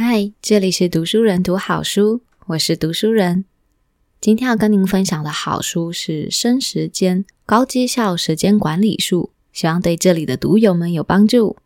嗨，這裡是讀書人讀好書，我是讀書人。今天要跟您分享的好書是《生時間高績效時間管理術》，希望對這裡的讀友們有幫助。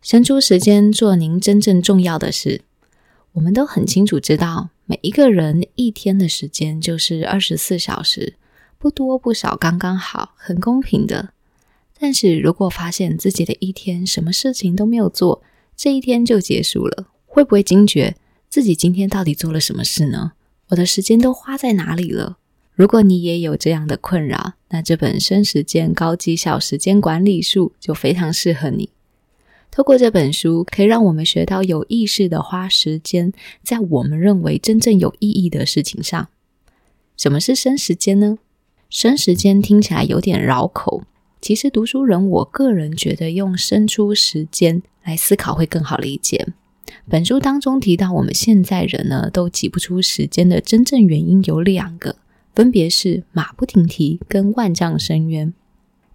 生出時間，做您真正重要的事。我們都很清楚知道，每一個人一天的時間就是二十四小時，不多不少，剛剛好，很公平的。但是，如果發現自己的一天什麼事情都沒有做，這一天就結束了，會不會驚覺自己今天到底做了什麼事呢？我的時間都花在哪裡了？如果你也有這樣的困擾，那這本《生時間：高績效時間管理術》就非常適合你。透過這本書，可以讓我們學到有意識的花時間在我們認為真正有意義的事情上。什麼是生時間呢？生時間聽起來有點繞口，其實讀書人，我個人覺得用生出時間來思考會更好理解。本書當中提到，我們現在人呢都擠不出時間的真正原因有兩個，分別是馬不停蹄跟萬丈深淵。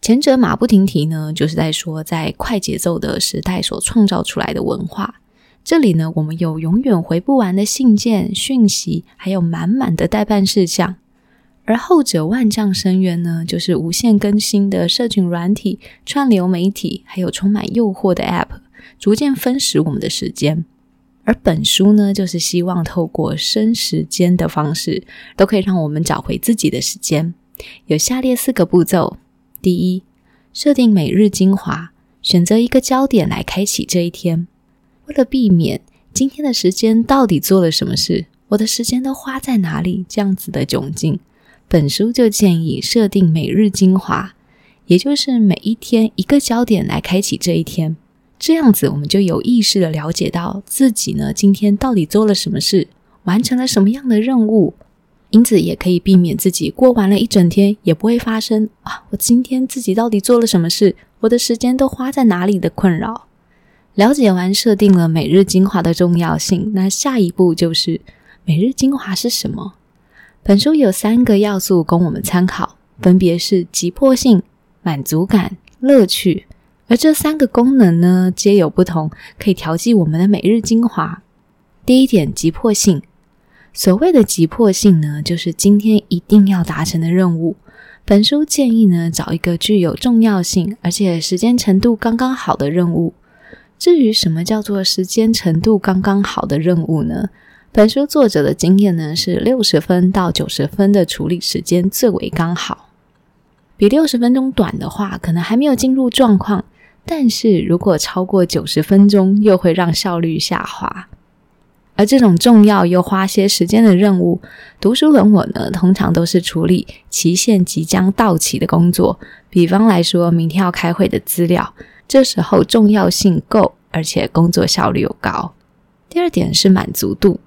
前者馬不停蹄呢，就是在說在快節奏的時代所創造出來的文化。這裡呢，我們有永遠回不完的信件、訊息，還有滿滿的待辦事項。而後者萬丈深淵呢，就是無限更新的社群軟體、串流媒體，還有充滿誘惑的 App，逐漸分食我們的時間。而本書呢，就是希望透過生時間的方式，都可以讓我們找回自己的時間。有下列四個步驟。第一，設定每日精華，選擇一個焦點來開啟這一天。為了避免今天的時間到底做了什麼事，我的時間都花在哪裡，這樣子的窘境，本書就建議設定每日精華，也就是每一天一個焦點來開啟這一天。這樣子，我們就有意識地了解到自己呢，今天到底做了什麼事，完成了什麼樣的任務。因此，也可以避免自己過完了一整天，也不會發生啊！我今天自己到底做了什麼事？我的時間都花在哪裡的困擾。了解完設定了每日精華的重要性，那下一步就是每日精華是什麼？本書有三個要素供我們參考，分別是急迫性、滿足感、樂趣。而這三個功能呢，皆有不同，可以調劑我們的每日精華。第一點，急迫性。所謂的急迫性呢，就是今天一定要達成的任務。本書建議呢，找一個具有重要性，而且時間程度剛剛好的任務。至於什麼叫做時間程度剛剛好的任務呢？本書作者的經驗呢，是六十分到九十分的處理時間最為剛好。比六十分鐘短的話，可能還沒有進入狀況；但是如果超過九十分鐘，又會讓效率下滑。而這種重要又花些時間的任務，讀書人我呢，通常都是處理期限即將到期的工作。比方來說，明天要開會的資料，這時候重要性夠，而且工作效率又高。第二點是滿足度，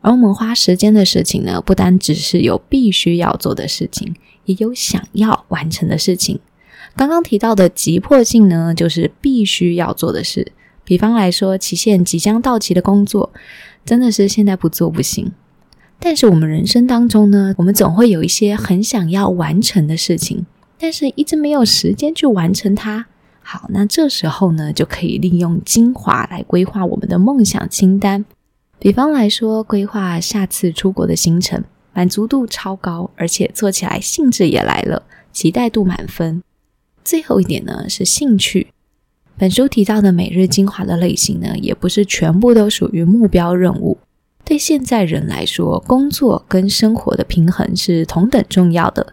而我們花時間的事情呢，不單只是有必須要做的事情，也有想要完成的事情。剛剛提到的急迫性呢，就是必須要做的事。比方來說，期限即將到期的工作。真的是現在不做不行，但是我們人生當中呢，我們總會有一些很想要完成的事情，但是一直沒有時間去完成它。好，那這時候呢，就可以利用精華來規劃我們的夢想清單。比方來說，規劃下次出國的行程，滿足度超高，而且做起來興致也來了，期待度滿分。最後一點呢，是興趣。本書提到的每日精華的類型呢，也不是全部都屬於目標任務。對現在人來說，工作跟生活的平衡是同等重要的，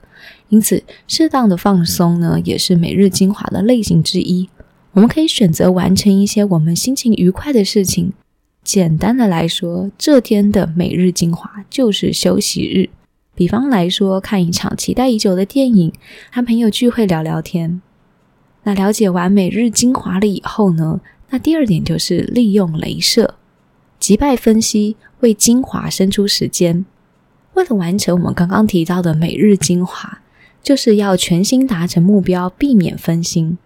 因此，適當的放鬆呢，也是每日精華的類型之一。我們可以選擇完成一些我們心情愉快的事情。簡單的來說，這天的每日精華就是休息日。比方來說，看一場期待已久的電影，和朋友聚會聊聊天。那了解完每日精華了以後呢，那第二點就是利用雷射擊敗分析，為精華生出時間。為了完成我們剛剛提到的每日精華，就是要全心達成目標，避免分心。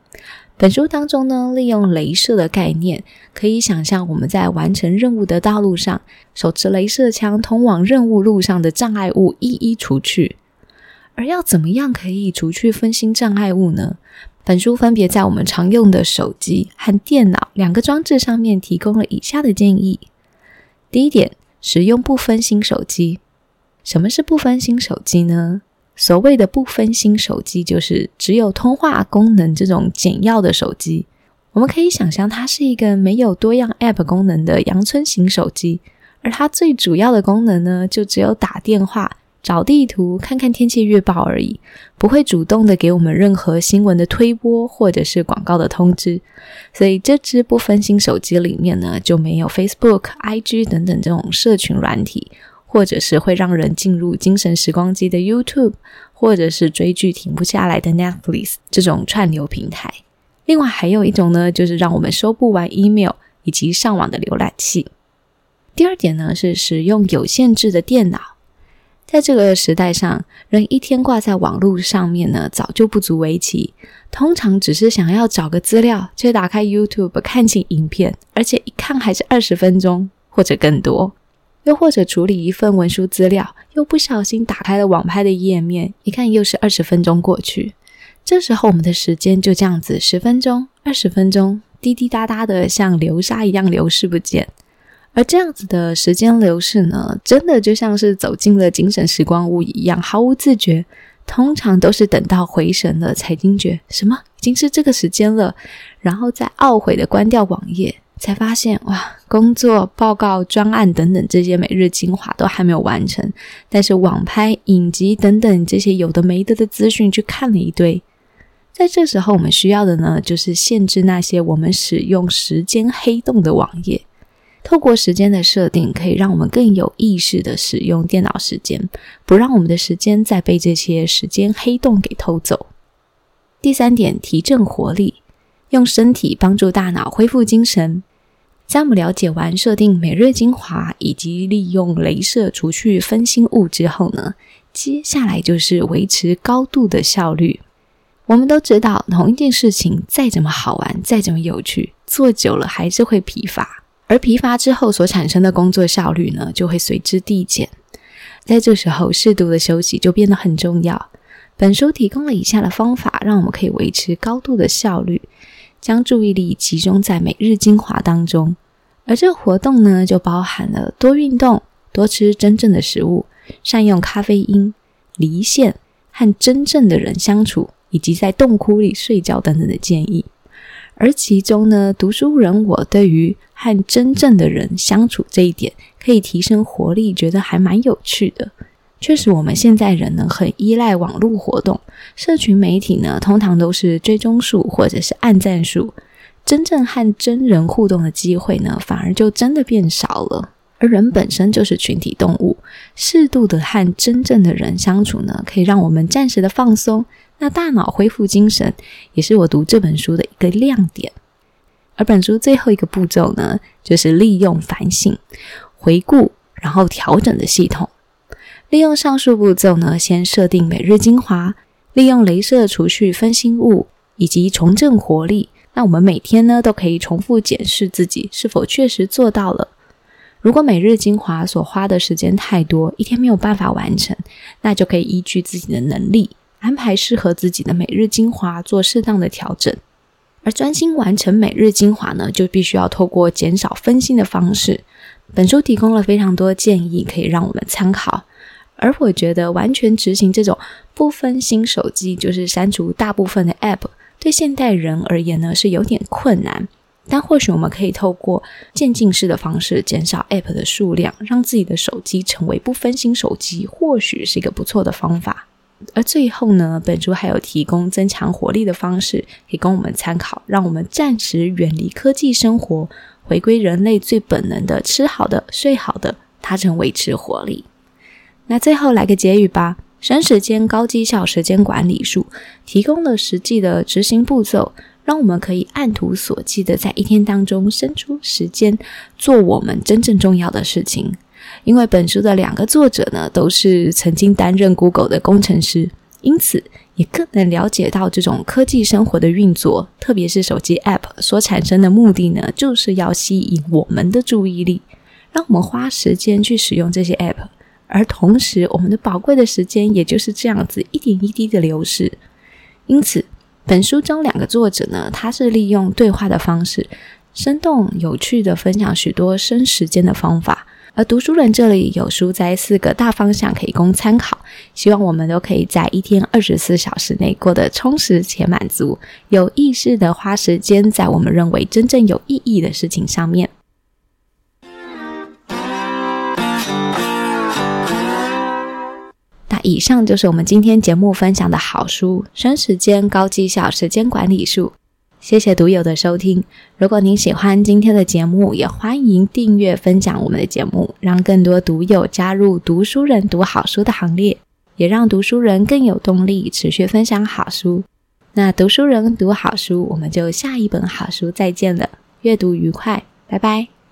本書當中呢，利用雷射的概念，可以想象我們在完成任務的道路上，手持雷射槍，通往任務路上的障礙物一一除去。而要怎麼樣可以除去分心障礙物呢？本書分別在我們常用的手機和電腦兩個裝置上面提供了以下的建議。第一點，使用不分心手機。什麼是不分心手機呢？所謂的不分心手機，就是只有通話功能這種簡要的手機。我們可以想象，它是一個沒有多樣 App 功能的陽春型手機，而它最主要的功能呢，就只有打電話。找地圖看看天氣預報而已，不會主動的給我們任何新聞的推播或者是廣告的通知，所以這支不分心手機裡面呢，就沒有 Facebook、IG 等等這種社群軟體，或者是會讓人進入精神時光機的 YouTube，或者是追劇停不下來的 Netflix 這種串流平台。另外還有一種呢，就是讓我們收不完 email 以及上網的瀏覽器。第二點呢，是使用有限制的電腦。在這個時代上，人一天掛在網絡上面呢，早就不足為奇。通常只是想要找個資料，卻打開 YouTube 看起影片，而且一看還是二十分鐘或者更多。又或者處理一份文書資料，又不小心打開了網拍的頁面，一看又是二十分鐘過去。這時候我們的時間就這樣子，十分鐘、二十分鐘，滴滴答答的像流沙一樣流逝不見。而這樣子的時間流逝呢，真的就像是走進了精神時光屋一樣，毫無自覺。通常都是等到回神了才驚覺，什麼已經是這個時間了，然後再懊悔的關掉網頁，才發現哇，工作報告、專案等等這些每日精華都還沒有完成，但是網拍、影集等等這些有的沒的的資訊去看了一堆。在這時候，我們需要的呢，就是限制那些我們使用時間黑洞的網頁。透過時間的設定，可以讓我們更有意識地使用電腦時間，不讓我們的時間再被這些時間黑洞給偷走。第三點，提振活力，用身體幫助大腦恢復精神。在我們了解完設定每日精華以及利用雷射除去分心物之後呢，接下來就是維持高度的效率。我們都知道，同一件事情再怎麼好玩，再怎麼有趣，做久了還是會疲乏。而疲乏之後所產生的工作效率呢，就會隨之遞減。在這時候，適度的休息就變得很重要。本書提供了以下的方法，讓我們可以維持高度的效率，將注意力集中在每日精華當中。而這個活動呢，就包含了多運動、多吃真正的食物、善用咖啡因、離線和真正的人相處，以及在洞窟裡睡覺等等的建議。而其中呢，讀書人我對於和真正的人相處這一點，可以提升活力，覺得還蠻有趣的。確實，我們現在人呢，很依賴網絡活動、社群媒體呢，通常都是追蹤數或者是按讚數，真正和真人互動的機會呢，反而就真的變少了。而人本身就是群體動物，適度的和真正的人相處呢，可以讓我們暫時的放鬆。那大腦恢復精神也是我讀這本書的一個亮點。而本書最後一個步驟呢，就是利用反省、回顧，然後調整的系統。利用上述步驟呢，先設定每日精華，利用雷射除去分心物，以及重振活力。那我們每天呢，都可以重複檢視自己是否確實做到了。如果每日精華所花的時間太多，一天沒有辦法完成，那就可以依據自己的能力，安排適合自己的每日精華，做適當的調整，而專心完成每日精華呢，就必須要透過減少分心的方式。本書提供了非常多建議，可以讓我們參考。而我覺得完全執行這種不分心手機，就是刪除大部分的 App，對現代人而言呢，是有點困難。但或許我們可以透過漸進式的方式減少 App 的數量，讓自己的手機成為不分心手機，或許是一個不錯的方法。而最後呢，本書還有提供增強活力的方式，可以供我們參考，讓我們暫時遠離科技生活，回歸人類最本能的吃好的、睡好的，它成維持活力。那最後來個結語吧，《生時間高績效時間管理術》提供了實際的執行步驟，讓我們可以按圖索驥的在一天當中生出時間，做我們真正重要的事情。因為本書的兩個作者呢，都是曾經擔任 Google 的工程師，因此也更能了解到這種科技生活的運作。特別是手機 App 所產生的目的呢，就是要吸引我們的注意力，讓我們花時間去使用這些 App，而同時我們的寶貴的時間也就是這樣子一點一滴的流逝。因此，本書中兩個作者呢，他是利用對話的方式，生動有趣的分享許多生時間的方法。而讀書人這裡有書摘四個大方向可以供參考，希望我們都可以在一天二十四小時內過得充實且滿足，有意識的花時間在我們認為真正有意義的事情上面。那以上就是我們今天節目分享的好書《生時間高績效時間管理術》。謝謝讀友的收聽。如果您喜歡今天的節目，也歡迎訂閱、分享我們的節目，讓更多讀友加入“讀書人讀好書”的行列，也讓讀書人更有動力持續分享好書。那“讀書人讀好書”，我們就下一本好書再見了。閱讀愉快，拜拜。